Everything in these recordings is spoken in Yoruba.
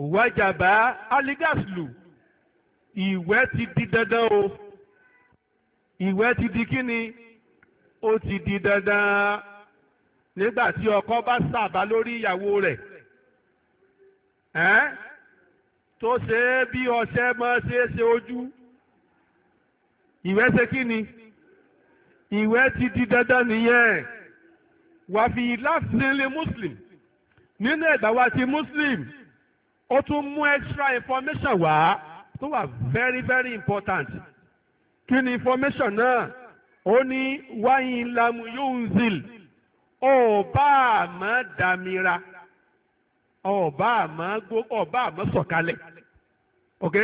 wájàbá aligaslu ìwẹ̀ ti di dandan o ìwẹ̀ ti di kíni ó ti di dandan nígbà tí ọkọ bá sàbá lórí ìyàwó rẹ̀ ẹ́n tó ṣe é bí ọṣẹ máa ṣe é ṣe ojú ìwẹ̀ ṣe kíni ìwẹ̀ ti di dandan nìyẹn wàfi láti nílé muslim nínú ẹ̀gbà wa ti muslim ó tún mú extra information wá tó wà very very important kí ni information náà ó ní wáyìn lamu yunzil ọba àmọ́ damira ọba àmọ́ gbó ọba àmọ́ sọ̀kalẹ̀ ok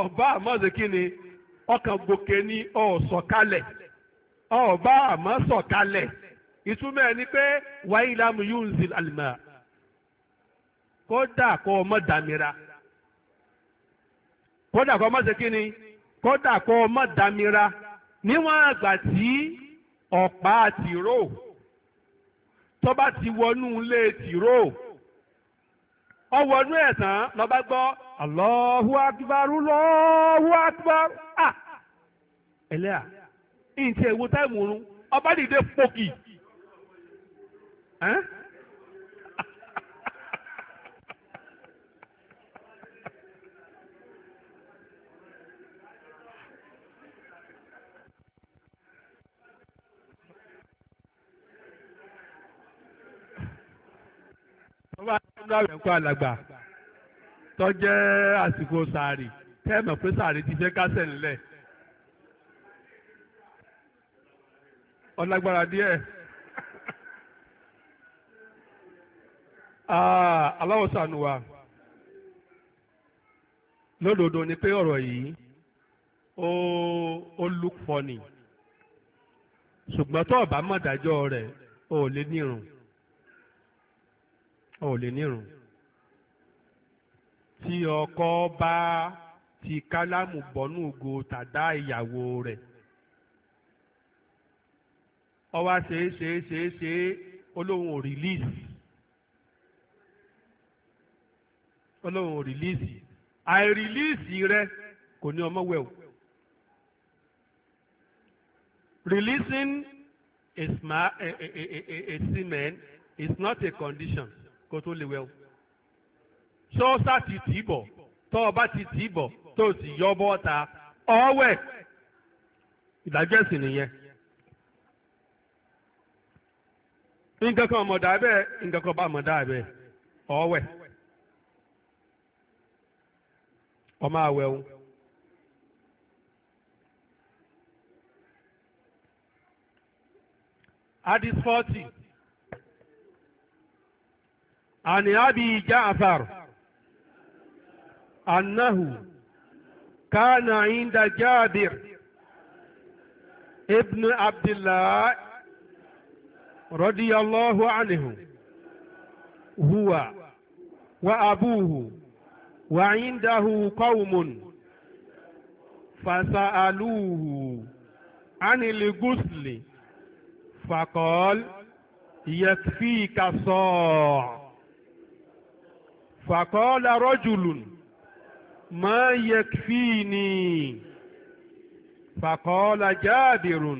ọba àmọ́ ṣe kí ni ọkàn gòkè ni ọ̀sọ̀kalẹ̀ ọba àmọ́ sọ̀kalẹ̀ ìtumọ̀ ẹ̀ ni pé wáyìn lamu yunzil alima. kódà kó o mọ̀ dàmíra kódà kó o mọ̀ ṣe kí ni kódà kó o mọ̀ dàmíra níwọ̀n àgbà tí ọ̀pá tìró tó bá ti wọnú ilé tìró ọ wọnú ẹ̀ tán bá gbọ́ Alahu Akbar Alahu Akbar à ẹlẹ́à ìǹtí ẹ̀wò táìmù oorun ọba dìde pòkì. nínú àwẹ̀ ńkọ́ alàgbà tó jẹ́ àsìkò sàárì tẹ́ẹ̀mọ̀ pé sàárì ti fẹ́ kásẹ̀ ńlẹ̀ ọlágbára díẹ̀ ah, aláwọ̀ sànù wa lódodo ni pé ọ̀rọ̀ yìí ó ó look funny ṣùgbọ́n tó ọ̀bá bá mọ̀ dájọ́ rẹ̀ o ò lè nírun. ò lè nírun tí ọkọ bá ti kálámù bọ́nú ògo tàdá ìyàwó rẹ̀ ọwá ṣeé ṣeé ṣeé ṣeé olóhùn ò rìlíìsì olóhùn ò rìlíìsì àìrìlíìsì rẹ kò ní ọmọ wẹ̀ o releasing a, a, a, a, a, a semen is not a condition. kó tó lè wẹ̀ o ti tì í bọ̀ ọba ti tì í bọ̀ tó sì yọ bọ́ ta ọ̀wẹ̀ ìdájọ́ ẹ̀sìn nìyẹn. nǹkan kan nǹkan kan bá ọ̀wẹ̀ ọmọ 40 عن أبي جعفر أنه كان عند جابر ابن عبد الله رضي الله عنه هو وأبوه وعنده قوم فسألوه عن الغسل فقال يكفيك صاع فقال رجل ما يكفيني فقال جابر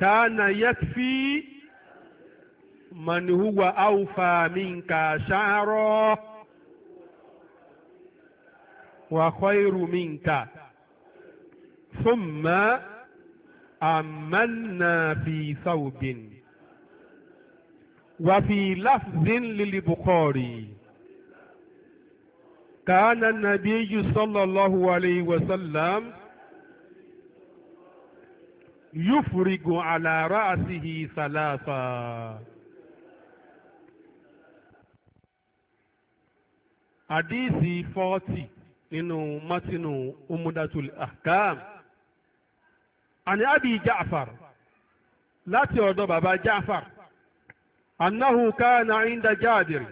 كان يكفي من هو أوفى منك شعرا وخير منك ثم أمنا في ثوب وفي لفظ للبخاري كان النبي صلى الله عليه وسلم يفرغ على رأسه ثلاثا حديث 40 nínú mátínú umudatul ahkam àní abi jaafar láti ọ̀dọ̀ baba jaafar annahu kana inda jabir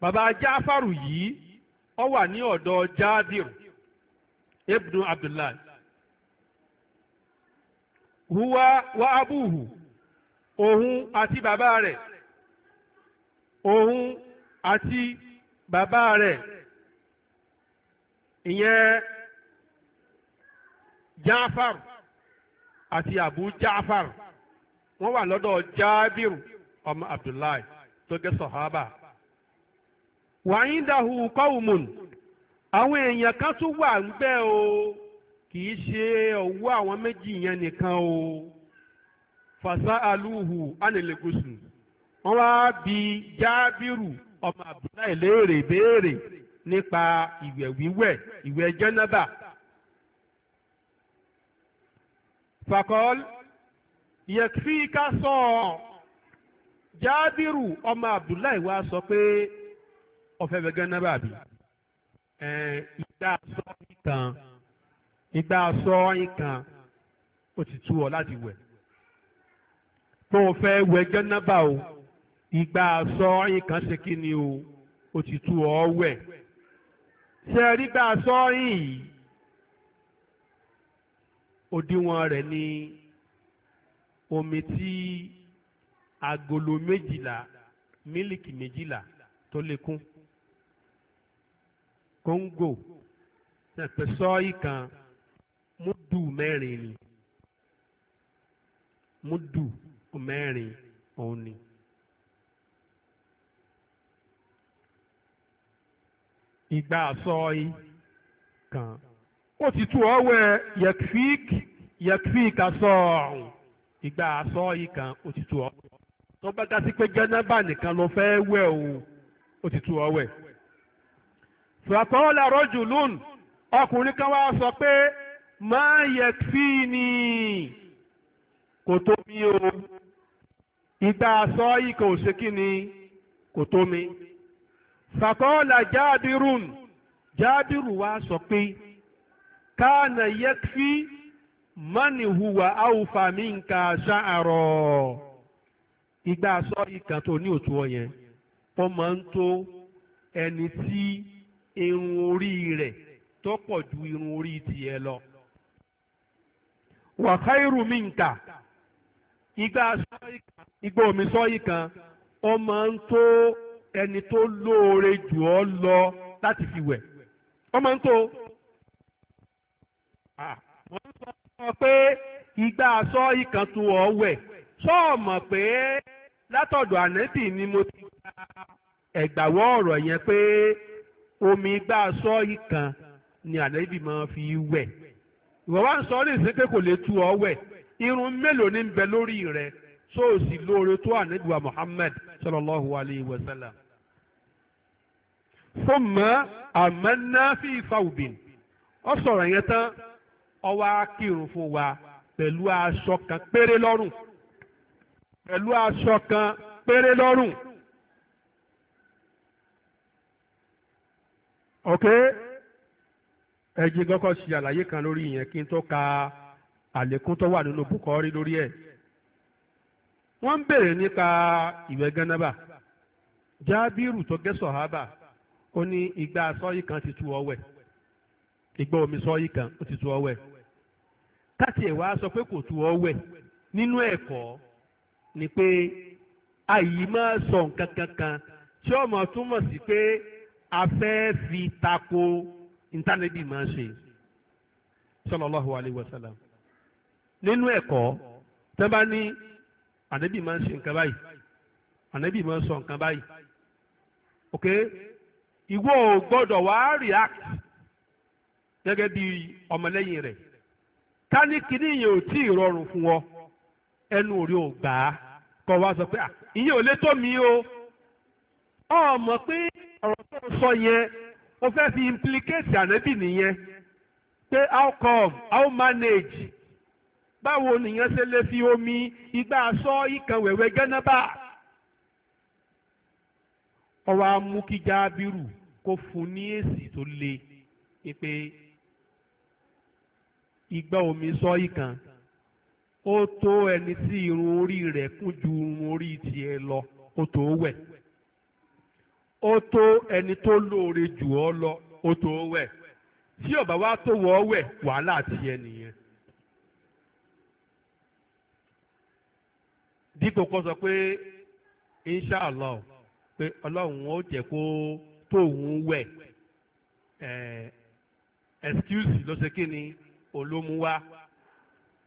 baba Jafaru yi ọ wa ní ọ̀dọ̀ jabir ibnu abdullahi huwa wa abuhu òun àti baba rẹ̀ ohun àti baba rẹ̀ ìyẹn jáfàrù àti Abu jáfàrù wọ́n wà lọ́dọ̀ jábìrù ọmọ abdullahi tó gẹ́ sọ̀hábà. wàyí dàhù kọ́wùmùn àwọn èèyàn kan tún wà ńbẹ̀ o kì í ṣe ọ̀wọ́ àwọn méjì yẹn nìkan o fàṣà alúhù ánìlẹ́gùsùn wọ́n wá bi jábìrù ọmọ abdullahi léèrè béèrè nípa ìwẹ̀ wíwẹ̀ ìwẹ̀ jẹ́nẹ́bà. fàkọ́l yẹ kí ká sọ ọ́ jábìrù ọmọ abdullahi wa sọ pé ọ̀fẹ́ fẹ́gẹ́ náà bàbí ìgbà sọ ìkan ìgbà sọ ìkan ó ti tú ọ láti wẹ̀ tó o fẹ́ wẹ̀ jẹ́nàbà o ìgbà sọ ìkan ṣe kí ni o ó ti tú ọ wẹ̀ ṣe rí gbà sọ yìí òdiwọ̀n rẹ̀ ni omi tí agolo méjìlá mílìkì méjìlá tó lè kún kóńgò pẹ̀ sọ́ọ̀yì kan múdù mẹ́rin ni múdù mẹ́rin òun ni. ìgbà sọ́ọ̀yì kan ó ti tú ọwẹ́ yẹkfík yẹkfík asọ́ọ̀rùn ìgbà sọ́ọ̀yì kan ó ti tú ọwẹ́ tó bá dá sí pé jẹ́nẹ́bà nìkan ló fẹ́ wẹ̀ o ó ti tú ọ wẹ̀. fàkọ́ọ́lá rọ́jù lónìí ọkùnrin kan wá sọ pé máa yẹ fí ni kò tó mi o ìgbà sọ yìí kò ṣe kí ni kò tó fàkọ́ọ́lá jáàdìrún jáàdìrún wá sọ pé káànà yẹ fí mọ́nìhùwà áwùfàmí nǹkan ṣáàrọ̀ igbá sọ́ọ̀rì kan tó ní òtún ọ yẹn ó máa ń tó ẹni tí irun orí rẹ̀ tó pọ̀ ju irun orí tiẹ̀ lọ. wa khairu minka igbá sọ́ọ̀rì kan igbá omi sọ́ọ̀rì kan ó máa ń tó ẹni tó lóore jù ọ lọ láti fi wẹ̀ ó máa ń tó ah, wọ́n sọ pé igbá sọ́ọ̀rì kan tó ọ wẹ̀ sọ́ọ̀mọ̀ pé. látọ̀dọ̀ ànẹ́bì ni mo ti gba ẹ̀gbàwọ́ ọ̀rọ̀ yẹn pé omi igbá sọ́ọ̀yì kan ni ànẹ́bì máa fi wẹ̀ ìwọ wá ń sọ ọ́ nìsín pé kò lè tu ọ wẹ̀ irun mélòó ní ń bẹ lórí rẹ tó o sì lóore tó ànẹ́bì wa Muhammad sallallahu alayhi wa sallam. fún mọ́ àmọ́ná fi fàwùbìn ọ sọ̀rọ̀ yẹn tán ọwọ́ akírun fún wa pẹ̀lú aṣọ kan péré lọ́rùn. pẹ̀lú aṣọ kan péré lọ́rùn. ok ẹ̀jẹ̀ kọkọ ṣe àlàyé kan lórí ìyẹn kí n tó ka àlékún tó wà nínú bùkọ́rí lórí ẹ̀. wọ́n ń béèrè nípa ìwẹ̀ gánábà jábírù tó gẹ́ sọ̀hábà ó ní ìgbà sọ́yì kan ti tu ọwẹ́ ìgbà omi sọ́yì kan ó ti tu ọwẹ́ káàtì ẹ̀ wá sọ pé kò tu ọwẹ́ nínú ẹ̀kọ́. E ni pé àyí máa sọ nǹkan kankan tí ọmọ túmọ̀ sí pé a fẹ́ fi tako ìtànẹ́bì máa ṣe sallallahu alayhi wa sallam nínú ẹ̀kọ́ tẹ́ bá ní ànẹ́bì máa ń ṣe nǹkan báyìí ànẹ́bì máa ń sọ nǹkan báyìí ok ìwọ ò gbọ́dọ̀ wá react gẹ́gẹ́ bí ọmọlẹ́yìn rẹ̀ ká ní kíní yẹn ò tí ì rọrùn fún ọ ẹnu òrí ò gbà á kọ wá sọ pé à ìyẹn ò lè tó mi o ọ mọ̀ pé ọ̀rọ̀ tó sọ yẹn o fẹ́ fi implicate ànábì nìyẹn pé how come how manage báwo nìyẹn ṣe lè fi omi igbá aṣọ ìkan wẹ̀wẹ̀ gẹ́nàbà ọwọ́ amú kí jábírù kó fún ní èsì tó le pé igbá omi sọ ìkan. ó tó ẹni tí irun orí rẹ̀ kún ju irun orí tiẹ̀ lọ ó tó wẹ̀ ó tó ẹni tó lóore jù ọ́ lọ ó tó wẹ̀ tí ọba wa tó wọ́ wẹ̀ wàhálà tiẹ̀ nìyẹn. dípò kan sọ pé inshàlá pé ọlọ́run ó jẹ́ kó tóun wẹ̀ ẹ̀ excuse ló ṣe kí ni olómúwá.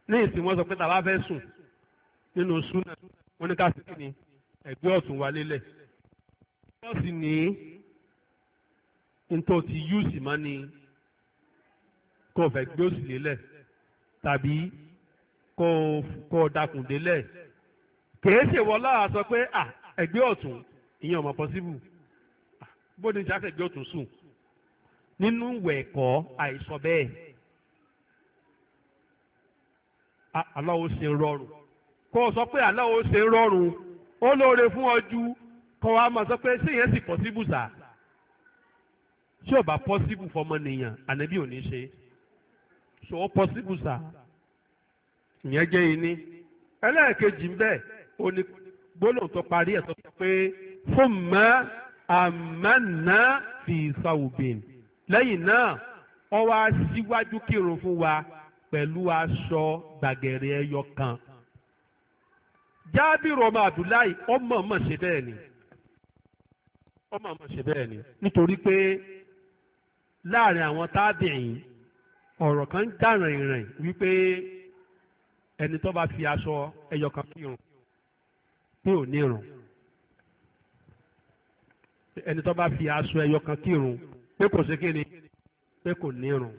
ní ìsìn wọn sọ pé tàbá fẹ́ sùn nínú súnà wọn ní ká sí kìíní ẹ̀gbẹ́ ọ̀tún wa lélẹ̀ bọ́ọ̀sì ní nítorí ti yúùsì mọ́ ni kó o fẹ́ gbé òsì lélẹ̀ tàbí kó o dakùn délẹ̀ kèé ṣèwọ lára sọ pé ẹ̀gbẹ́ ọ̀tún ìyẹn ọmọ pọ́síbù bó ni jákèjì ọ̀tún sùn nínú ìwẹ̀ ẹ̀kọ́ àìsọ bẹ́ẹ̀. Allah ó ṣe rọrùn kó o sọ pé Allah ó ṣe rọrùn ó lóore fún ọ ju kó wa máa sọ pé ṣé yẹn sì pọ́síbù sá ṣé ò bá pọ́síbù fọmọnìyàn ànábì ò ní ṣe ṣò ó pọ́síbù sá ìyẹn jẹ́ iní ẹlẹ́ẹ̀kejì ń ó ní gbólóhùn tó parí ẹ̀ tó sọ pé fún mọ́ àmánà fi ìsàwùbìn lẹ́yìn náà ọ wá síwájú kírun fún wa pẹ̀lú aṣọ gbàgẹ̀rẹ̀ ẹyọ kan jábìrì ọmọ abdullahi ọmọ ọmọ ṣe bẹ́ẹ̀ ni ọmọ ọmọ ṣe bẹ́ẹ̀ ni nítorí pé láàrin àwọn tábìyìn ọ̀rọ̀ kan ń dànà ìrìn wípé ẹni tó bá fi aṣọ ẹyọ kan kírun pé ò ní ìrun ẹni tó bá fi aṣọ ẹyọ kan kírun pé kò sí kíni pé kò ní ìrun.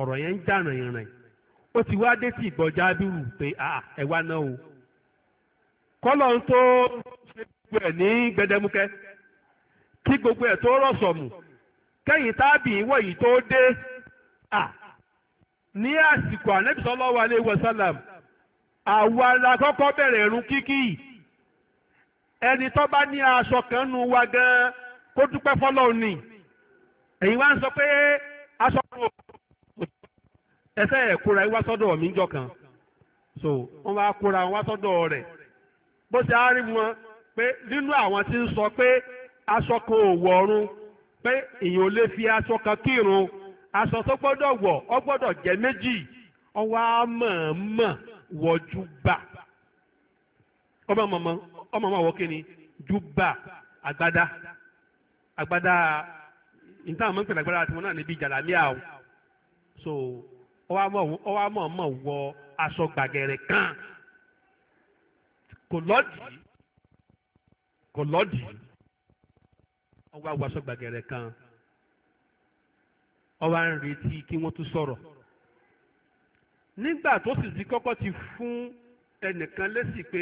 ọ̀rọ̀ yẹn ń jà ó ti wá dé sí ìgbọ́ jábìrù pé ẹ wá náà o kọ́lọ̀ ń tó ṣe gbogbo ẹ̀ ní gbẹdẹmukẹ́ kí gbogbo ẹ̀ tó rọ̀sọ̀mù kẹ́yìn tábì wọ̀nyí tó dé ní àsìkò ànábì àwa la kọ́kọ́ bẹ̀rẹ̀ ẹni tó bá ní aṣọ kan nu sọ pé aṣọ ẹsẹ̀ ẹ̀ kura ẹ wá sọ́dọ̀ mi jọ kan so wọ́n kura kóra wá sọ́dọ̀ rẹ̀ bó ṣe á rí wọn pé nínú àwọn tí ń sọ pé aṣọ kan ò wọ̀ọ̀run pé èèyàn ò lè fi aṣọ kan kírun aṣọ tó gbọ́dọ̀ wọ̀ ọ gbọ́dọ̀ jẹ́ méjì ọwọ́ á mọ̀ọ́mọ̀ wọ̀jú bà ọmọ ọmọ ọmọ ọmọ wọ́n kíni júbà agbada. Agbada, nta àmọ́ ń pè lágbádá àti wọn náà níbi ìjàlámíà o so. ó wá mọ̀ọ́mọ̀ wọ aṣọ gbàgẹ̀rẹ̀ kan kò lọ́dìí kò lọ́dìí ó wá wọ aṣọ gbàgẹ̀rẹ̀ kan ó wá ń retí kí wọ́n tún sọ̀rọ̀ nígbà tó sì ti kọ́kọ́ ti fún ẹnìkan lésì pé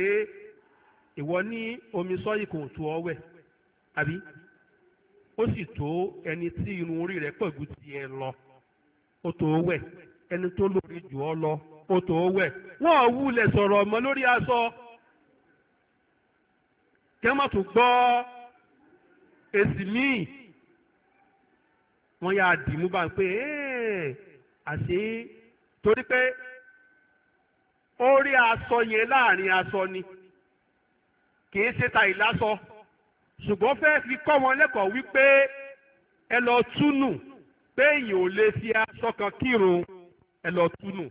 ìwọ ní omi sọ́yìn kò tó ọwẹ́ àbí ó sì tó ẹni tí irun orí rẹ̀ pẹ̀lú tiẹ̀ lọ ó tó wẹ̀ ẹni tó lórí jù ọ lọ ó tó wẹ̀ wọ́n ò wulẹ̀ sọ̀rọ̀ ọmọ lórí aṣọ kẹ́mọ̀ tó gbọ́ èsì míì wọ́n yà á dì mú bá ń pè é àṣé torí pé ó rí aṣọ yẹn láàrin aṣọ ni kì í ṣe ta ìlàsọ ṣùgbọ́n fẹ́ fi kọ́ wọn lẹ́kọ̀ọ́ wípé ẹ lọ túnú pé èèyàn ò lè fi aṣọ kan kírun ẹ lọ túnú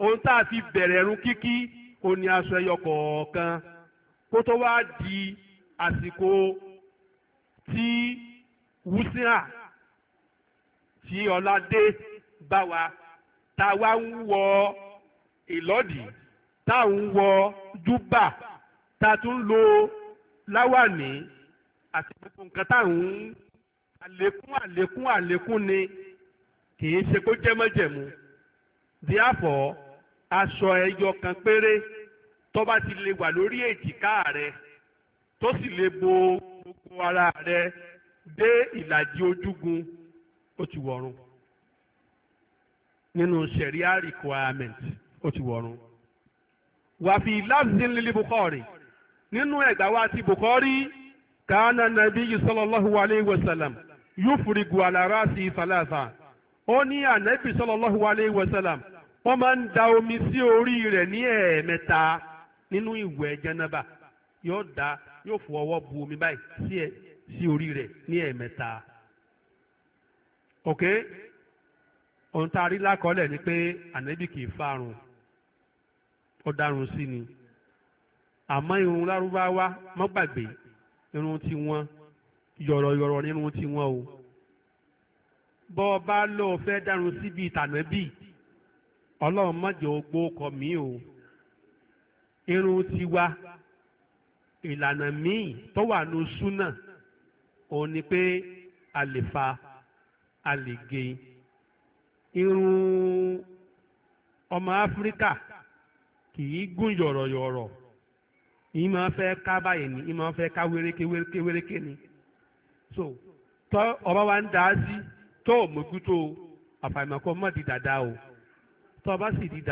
ohun tá a fi bẹ̀rẹ̀ ẹ̀rún kíkí òun ni aṣọ ẹyọ kọ̀ọ̀kan kó tó wá di àsìkò tí wúsíà tí ọládé bá wa tá a wá ń wọ ìlọ́dì tá a ń wọ júbà tá a tún lo láwàní àti gbogbo nǹkan tá a ń àlékún àlékún àlékún ni kì í ṣe kó jẹ́mọ́jẹ̀mú. therefore aṣọ ẹyọ kan péré tó bá ti lè wà lórí èjìká rẹ tó sì lè bo gbogbo ara rẹ dé ìlàjì ojúgun ó ti nínú sharia requirement ó ti wọ̀run. wàfi láfíìn lílí nínú ẹ̀gbá wa ti Bukhari kàánà nàbí alayhi wọ́n máa ń da omi sí orí rẹ̀ ní ẹ̀ẹ̀mẹ́ta nínú ìwẹ̀ jẹnaba yóò da yóò fọ ọwọ́ bu omi báyìí sí orí rẹ̀ ní ẹ̀ẹ̀mẹ́ta ok ohun tá a rí lákọọ́lẹ̀ ni pé ànábì kì í fárun ó dárun sí ni àmọ́ irun lárúbáwá má gbàgbé irun tí wọ́n yọ̀rọ̀yọ̀rọ̀ nínú tí wọ́n o bọ́ ọ bá lọ fẹ́ dárun síbi ìtànábì. Si ọlọ́run má jẹ́ o irun tiwa ìlànà míì tó wà ní súnà òun ni pé a lè fa a lè ge. irun ọmọ áfíríkà kì í gùn yọ̀rọ̀yọ̀rọ̀ yìí máa fẹ́ ká báyìí ni yìí máa fẹ́ ká wéréké wéréké ni so tọ́ ọba wa ń dá sí tó o mójútó di dáadáa o. tó sì di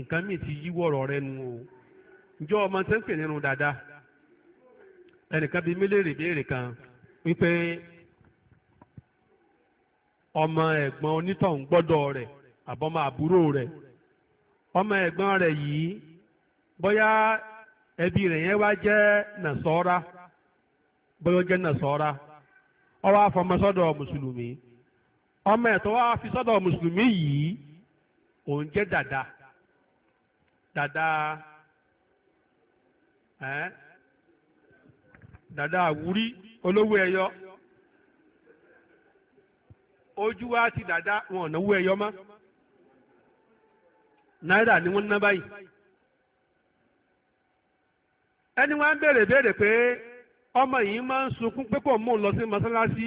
nǹkan ti yí wọ̀rọ̀ rẹ nu o njọ́ ọmọ tó ń pè nínú dáadáa ẹnìkan bíi mílíọ̀nù ìbéèrè kan wípé ọmọ ẹ̀gbọ́n onítọ̀hún gbọ́dọ̀ rẹ̀ àbọ̀mọ àbúrò rẹ̀ ọmọ ẹ̀gbọ́n rẹ̀ yìí bóyá ẹbí rẹ̀ yẹn wá jẹ́ nàṣọ́ra bóyá ó jẹ́ nàṣọ́ra wá fọmọ sọ́dọ̀ mùsùlùmí ọmọ ẹ̀ tó wá fi sọ́dọ̀ mùsùlùmí yìí òun jẹ́ dada dada ẹ́ dada àwúrí olówó ẹyọ ojú wa ti dada wọn ò náwó ẹyọ náírà ni wọ́n ná báyìí ẹni wọ́n á béèrè béèrè pé ọmọ yìí máa ń sunkún pé kò mú un lọ sí mọ́sálásí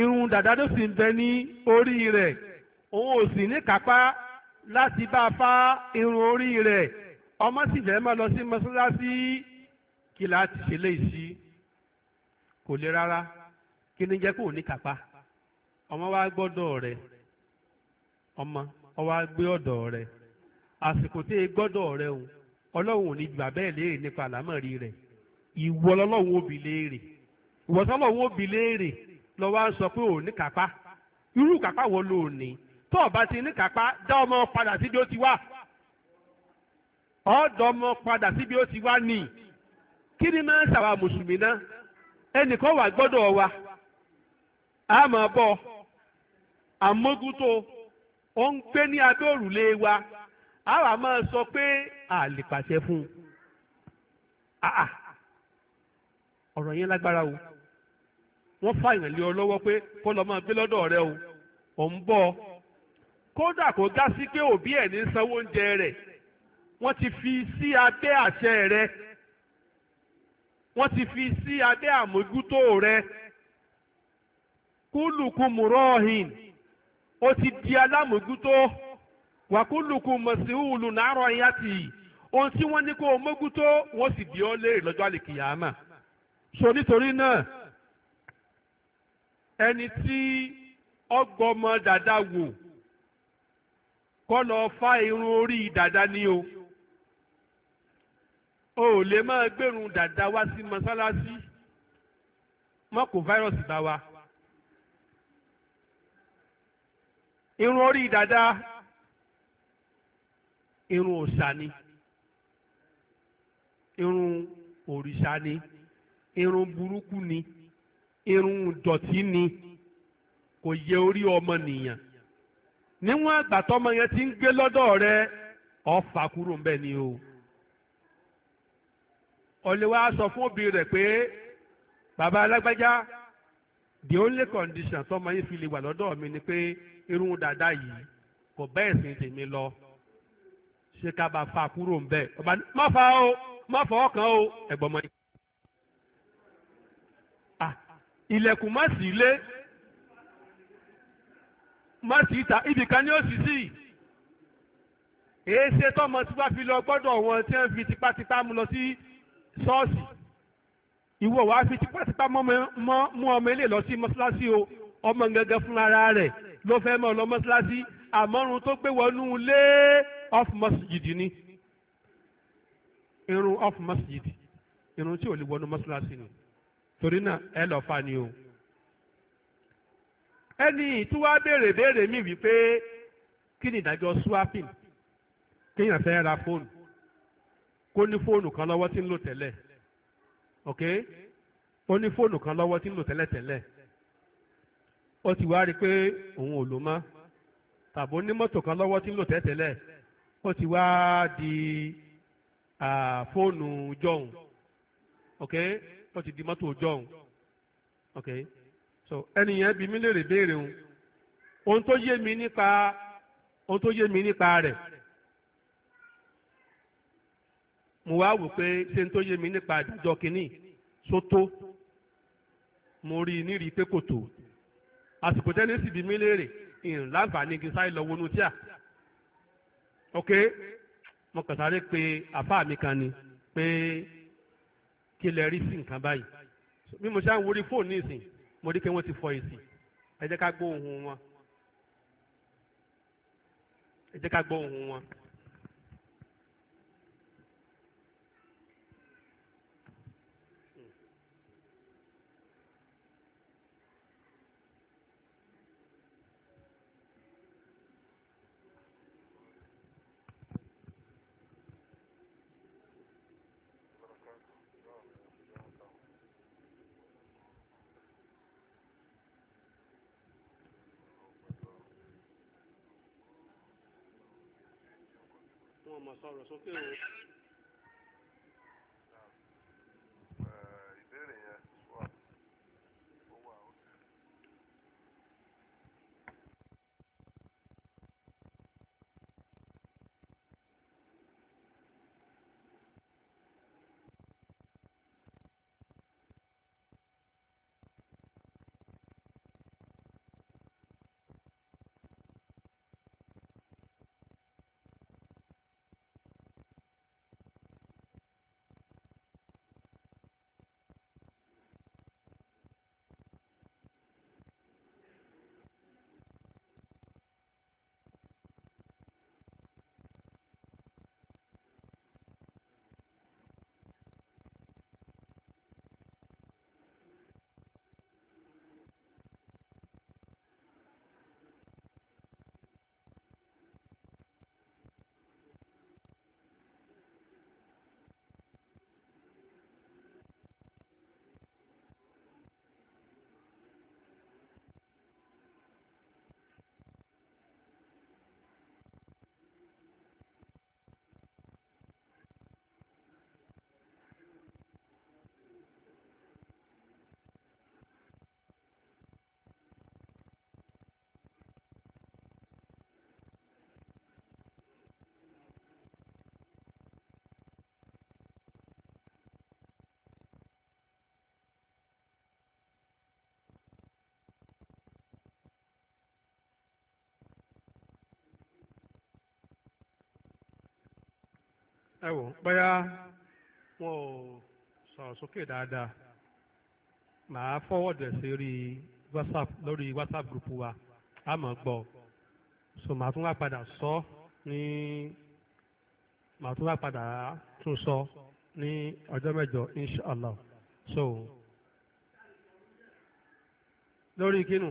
irun dada tó sì ń bẹ ní orí rẹ̀ òun ò sì ní kápá láti bá fa irun orí rẹ̀ ọmọ sì fẹ́ máa lọ sí mọ́ṣáláṣí kí láti ṣe léyìí sí kò lè rárá kí ni jẹ́ kó ní kápá ọmọ wa gbọ́dọ̀ rẹ̀ ọmọ ọwọ́ gbé ọ̀dọ̀ rẹ̀ àsìkò tí gbọ́dọ̀ rẹ̀ ní gbà bẹ́ẹ̀ léèrè nípa àlámọ̀rí rẹ̀ ìwọ lọ́lọ́run léèrè sọ pé ò ní kápá irú kápá ní tó o bá ti ní kápá dá ọmọ padà síbi ó ti wá ọ̀dọ̀ ọmọ padà síbi ó ti wá ni kí ni máa ń ṣàwà mùsùlùmí náà ẹnìkan wà gbọ́dọ̀ wa a máa bọ̀ àmógútó ó ń gbé ní abẹ́ òrùlé wa a wà máa sọ pé a lè pàṣẹ fún un àà yẹn lágbára o wọ́n fàyàn lé ọ lọ́wọ́ pé kó lọ́ọ́ máa gbé lọ́dọ̀ rẹ o ò ń bọ̀ ọ́. kódà kó dá sí pé òbí ẹ̀ ní sanwó oúnjẹ rẹ̀ wọ́n ti fi sí abẹ́ àṣẹ rẹ̀ wọ́n ti fi sí abẹ́ àmójútó rẹ̀ kúlùkùn mùrọ̀hìn ó ti di alámójútó wàkúlùkùn mọ̀síhùlù nàárọ̀ ẹ̀yà tì í ohun tí wọ́n ní kó o mójútó wọ́n sì bí ọ léèrè lọ́jọ́ àlèkìyàmà so nítorí náà ẹni tí ọgbọ́mọ dàda wò. kọ́ lọ fá irun orí dàda ni o o ò lè máa gbẹ̀rùn dàda wá sí mọ́sálásí mọ́ kó fáírọ́ọ̀sì bá wa. irun orí dàda irun òòṣà ni irun òrìṣà ni irun burúkú ni irun dọ̀tí ni kò yẹ orí ọmọ nìyàn níwọ̀n àgbà tọ́mọ yẹn ti ń gbé lọ́dọ̀ rẹ ọ̀fà kúrò ń bẹ̀ ni o ọ̀lẹ́ sọ fún òbí rẹ̀ pé bàbá alágbájá the only condition tọ́mọ yẹn fi lè wà lọ́dọ̀ mi ni pé irun dàda yìí kò bá ẹ̀sìn tèmi lọ ṣé ká bá fà kúrò ń bẹ̀ ọba ní má fa o má fọ ọkàn o ẹ̀gbọ́n mọ́ ah, ilẹ̀kùn má sí ilé má sì ta ibì kan ní òsìsì èéṣe tọmọ tí wàá fi lọ gbọ́dọ̀ wọn tí wọ́n fi tipátipá mú lọ sí ṣọ́ọ̀ṣì ìwọ wàá fi tipátipá mú ọmọ ilé lọ sí mọ́ṣáláṣí o ọmọ gẹ́gẹ́ fúnra rẹ̀ ló fẹ́ mọ lọ mọ́ṣáláṣí àmọ́run tó gbé wọnú ilé off masjid ni irun off masjid irun tí ò lè wọnú mọ́ṣáláṣí ni torí náà ẹ lọ fa ni o ẹni ìtúwá béèrè béèrè mi wípé kí ni ìdájọ́ swapping kéèyàn fẹ́ ra fóònù kó ní fóònù kan lọ́wọ́ tí ń lò tẹ́lẹ̀ ok ó ní fóònù kan lọ́wọ́ tí ń lò tẹ́lẹ̀ tẹ́lẹ̀ ó ti wá rí i pé òun ò lò mọ́ tàbí ó ní mọ́tò kan lọ́wọ́ tí ń lò tẹ́lẹ̀ ó ti wá di fóònù jọ̀hún ok ó ti di mọ́tò jọ̀hún ok. okay so ẹnìyẹn bí mi léèrè béèrè òun ohun tó yé mi nípa ohun tó yé mi nípa rẹ̀ mo wá wò pé ṣé n tó yé mi nípa ìdájọ́ kínní sótó mo rí i nírìí pé kò tó àsìkò tẹ́lẹ̀ sì bí mi léèrè ìrìn láǹfààní kí n sáré lọ wọnú tíà ok mo kàn sáré pé àfáà mi kan ni pé kí lè rí sí nǹkan báyìí bí mo ṣe ń worí fóònù nísìnyí mo rí i pé wọ́n ti fọ èsì ẹ jẹ́ ká gbọ́ ohùn wọn ẹ jẹ́ ká gbọ́ wọn. sọ̀rọ̀ sókè o. ẹ wò bóyá wọn ò sọ̀rọ̀ sókè dáadáa màá fọwọ́dù ẹ̀ sí orí whatsapp lórí whatsapp group wa a máa gbọ́ so màá tún wá padà sọ ní màá tún wá padà tún sọ ní ọjọ́ mẹ́jọ inshallah so lórí kinu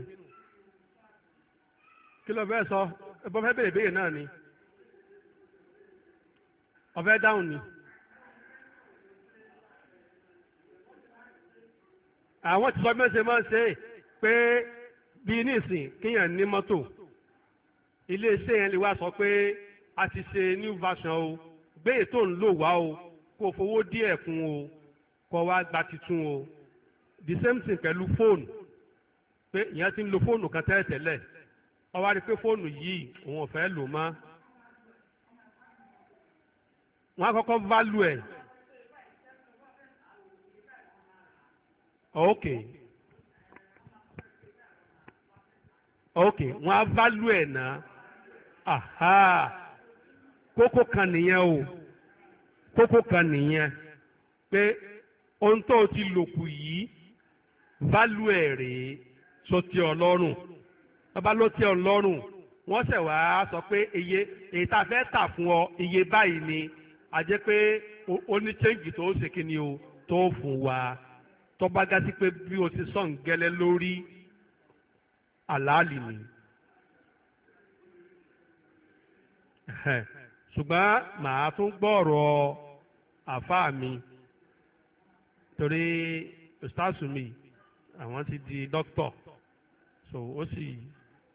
kí ló fẹ́ sọ ẹ bọ́ fẹ́ náà ni. ọ̀fẹ́ dáhùn ni. àwọn ti sọ bí wọ́n ṣe máa ń ṣe pé bí nísìn kéèyàn ní mọ́tò iléeṣẹ́ yẹn lè wá sọ pé a ti ṣe new version o gbé ètò ń lò wá o kó fowó díẹ̀ kún o kó o gba titun o the same thing pẹ̀lú fóònù pé ìyẹn ti ń lo fóònù kan tẹ́lẹ̀ tẹ́lẹ̀ ó wá rí pé fóònù yìí òun ò fẹ́ lò mọ́ wọ́n á kọ́kọ́ válù ẹ̀ ok ok wọ́n á válù ẹ̀ náà aha koko kan nìyẹn o kókó kan nìyẹn pé ohun tó o ti lò kù yìí válù ẹ̀ rèé sọtí ọlọ́run bàbá ló tẹ ọlọ́run wọ́n ṣẹ̀ wá sọ pé iye èyí tá a fẹ́ tà fún ọ iye báyìí ni a jẹ́ pé ó ní chẹ́ǹgì tó ṣe kí ni o tó fún wa tó bá ga sí pé bí o ti sọ̀ ń gẹ́lẹ́ lórí àlàálì ni. ṣùgbọ́n màá tún gbọ́ ọ̀rọ̀ àfáà mi torí ustaasu mi àwọn ti di dókítọ̀ so ó sì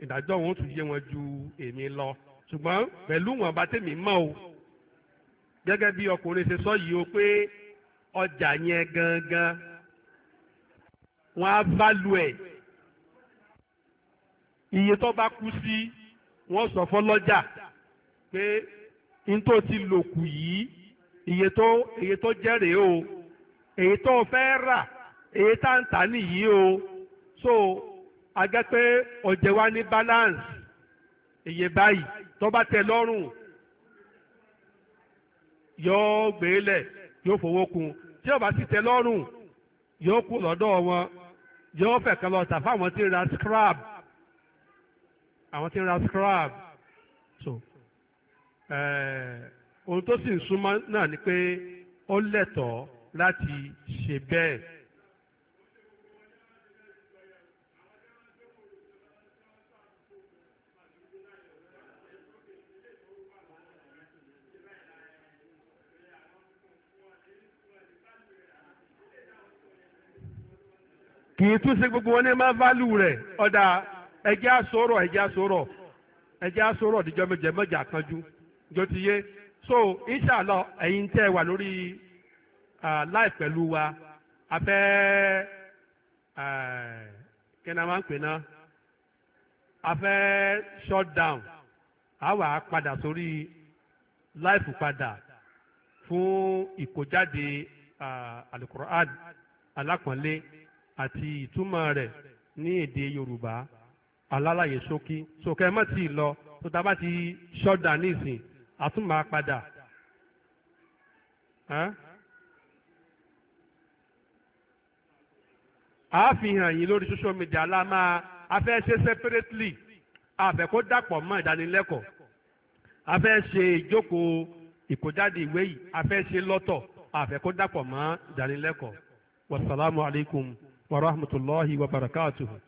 ìdájọ́ wọn ó tún yé wọn ju èmi lọ ṣùgbọ́n pẹ̀lú wọn bá tèmi mọ́ o gẹ́gẹ́ bí ọkùnrin ṣe sọ yìí o pé ọjà yẹn gangan wọ́n á value ẹ̀ iye tó bá kú sí wọ́n sọ fọlọ́jà pé n ti lò kù yìí iye tó iye tó jẹ́ rèé o èyí tó fẹ́ rà èyí tá ń tà nìyí o so a gẹ́ pé ọ̀jẹ̀ wa ní balance iye báyìí tó bá tẹ́ lọ́rùn yóò gbélẹ̀ yóò fowó kun tí ó bá sì tẹ lọrùn yóò kú lọ́dọ̀ wọn yóò fẹ̀kẹ́ lọ tà fáwọn tí ń ra scrab àwọn tí ń ra scrab so eh, ohun tó sì ń súnmọ́ náà ni pé ó lẹ́tọ̀ọ́ láti ṣe bẹ́ẹ̀. kì í tún ṣe gbogbo wọn ní máa válù rẹ̀ ọ̀dà ẹ̀jẹ̀ àsọ̀rọ̀ ẹ̀jẹ̀ àsọ̀rọ̀ ẹ̀jẹ̀ àsọ̀rọ̀ ìdíjọ́ méje méje àkànjú jọ ti yé so inshallah ẹ̀yin tẹ́ ẹ wà lórí láì pẹ̀lú wa afẹ́ fẹ́ kí ni a máa ń pè náà afẹ́ fẹ́ shut down a padà sórí láìfù padà fún ìkójáde alukur'an alákànlé. àti ìtumọ̀ rẹ̀ ní èdè Yorùbá alálàyé ṣókí ṣòkè mọ́ ti lọ tó tá a bá ti ṣọ́dà nísìn àtúmọ̀ padà. a fi hàn yín lórí social media la máa a fẹ́ ṣe separately a fẹ́ kó dàpọ̀ mọ́ ìdánilẹ́kọ̀ọ́ a fẹ́ ṣe ìjókòó ìkójáde ìwé yìí a fẹ́ ṣe lọ́tọ̀ a kó dàpọ̀ mọ́ ìdánilẹ́kọ̀ọ́ wasalaamu wa rahmatulahi wa barakatuhu.